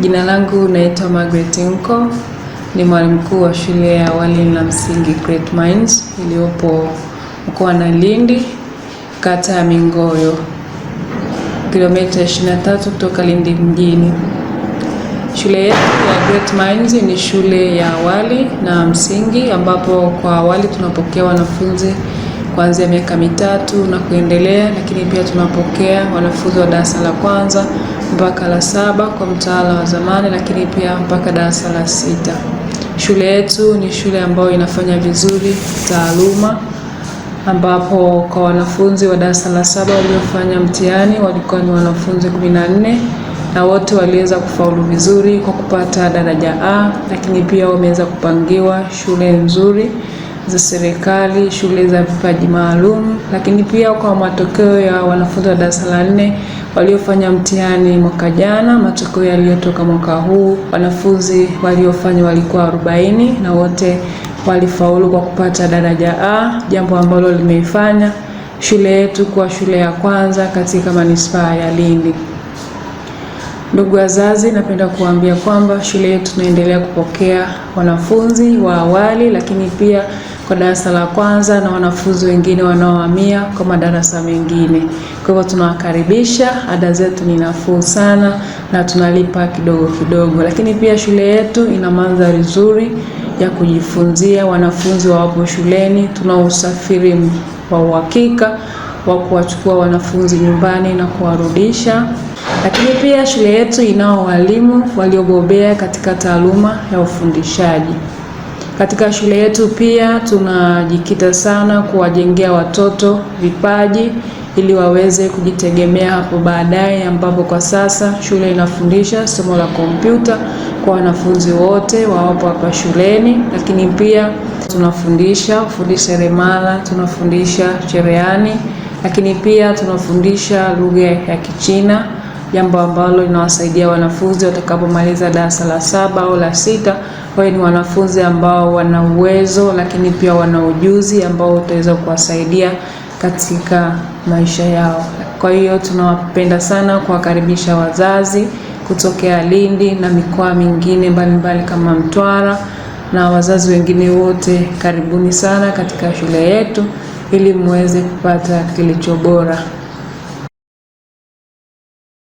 Jina langu naitwa Margaret Nko, ni mwalimu mkuu wa shule ya awali na msingi Great Minds iliyopo mkoani Lindi, kata ya Mingoyo, kilomita 23 kutoka Lindi mjini. Shule yetu ya Great Minds ni shule ya awali na msingi ambapo kwa awali tunapokea wanafunzi kuanzia miaka mitatu na kuendelea, lakini pia tunapokea wanafunzi wa darasa la kwanza mpaka la saba kwa mtaala wa zamani, lakini pia mpaka darasa la sita. Shule yetu ni shule ambayo inafanya vizuri taaluma, ambapo kwa wanafunzi wa darasa la saba waliofanya mtihani walikuwa ni wanafunzi 14 na wote waliweza kufaulu vizuri kwa kupata daraja A, lakini pia wameweza kupangiwa shule nzuri za serikali, shule za vipaji maalum, lakini pia kwa matokeo ya wanafunzi wa darasa la nne waliofanya mtihani mwaka jana, matokeo yaliyotoka mwaka huu. Wanafunzi waliofanya walikuwa 40 na wote walifaulu kwa kupata daraja A, jambo ambalo limeifanya shule yetu kuwa shule ya kwanza katika manispaa ya Lindi. Ndugu wazazi, napenda kuambia kwamba shule yetu tunaendelea kupokea wanafunzi wa awali, lakini pia kwa darasa la kwanza na wanafunzi wengine wanaohamia kwa madarasa mengine. Kwa hivyo tunawakaribisha, ada zetu ni nafuu sana na tunalipa kidogo kidogo, lakini pia shule yetu ina mandhari nzuri ya kujifunzia. Wanafunzi wawapo shuleni, tuna usafiri wa uhakika wa kuwachukua wanafunzi nyumbani na kuwarudisha. Lakini pia shule yetu inao walimu waliobobea katika taaluma ya ufundishaji. Katika shule yetu pia tunajikita sana kuwajengea watoto vipaji ili waweze kujitegemea hapo baadaye, ambapo kwa sasa shule inafundisha somo la kompyuta kwa wanafunzi wote wawapo hapa shuleni, lakini pia tunafundisha fundisha seremala, tunafundisha cherehani, lakini pia tunafundisha lugha ya Kichina, jambo ambalo linawasaidia wanafunzi watakapomaliza darasa la saba au la sita kwa ni wanafunzi ambao wana uwezo lakini pia wana ujuzi ambao utaweza kuwasaidia katika maisha yao. Kwa hiyo tunawapenda sana kuwakaribisha wazazi kutokea Lindi na mikoa mingine mbalimbali kama Mtwara na wazazi wengine wote, karibuni sana katika shule yetu ili muweze kupata kilicho bora.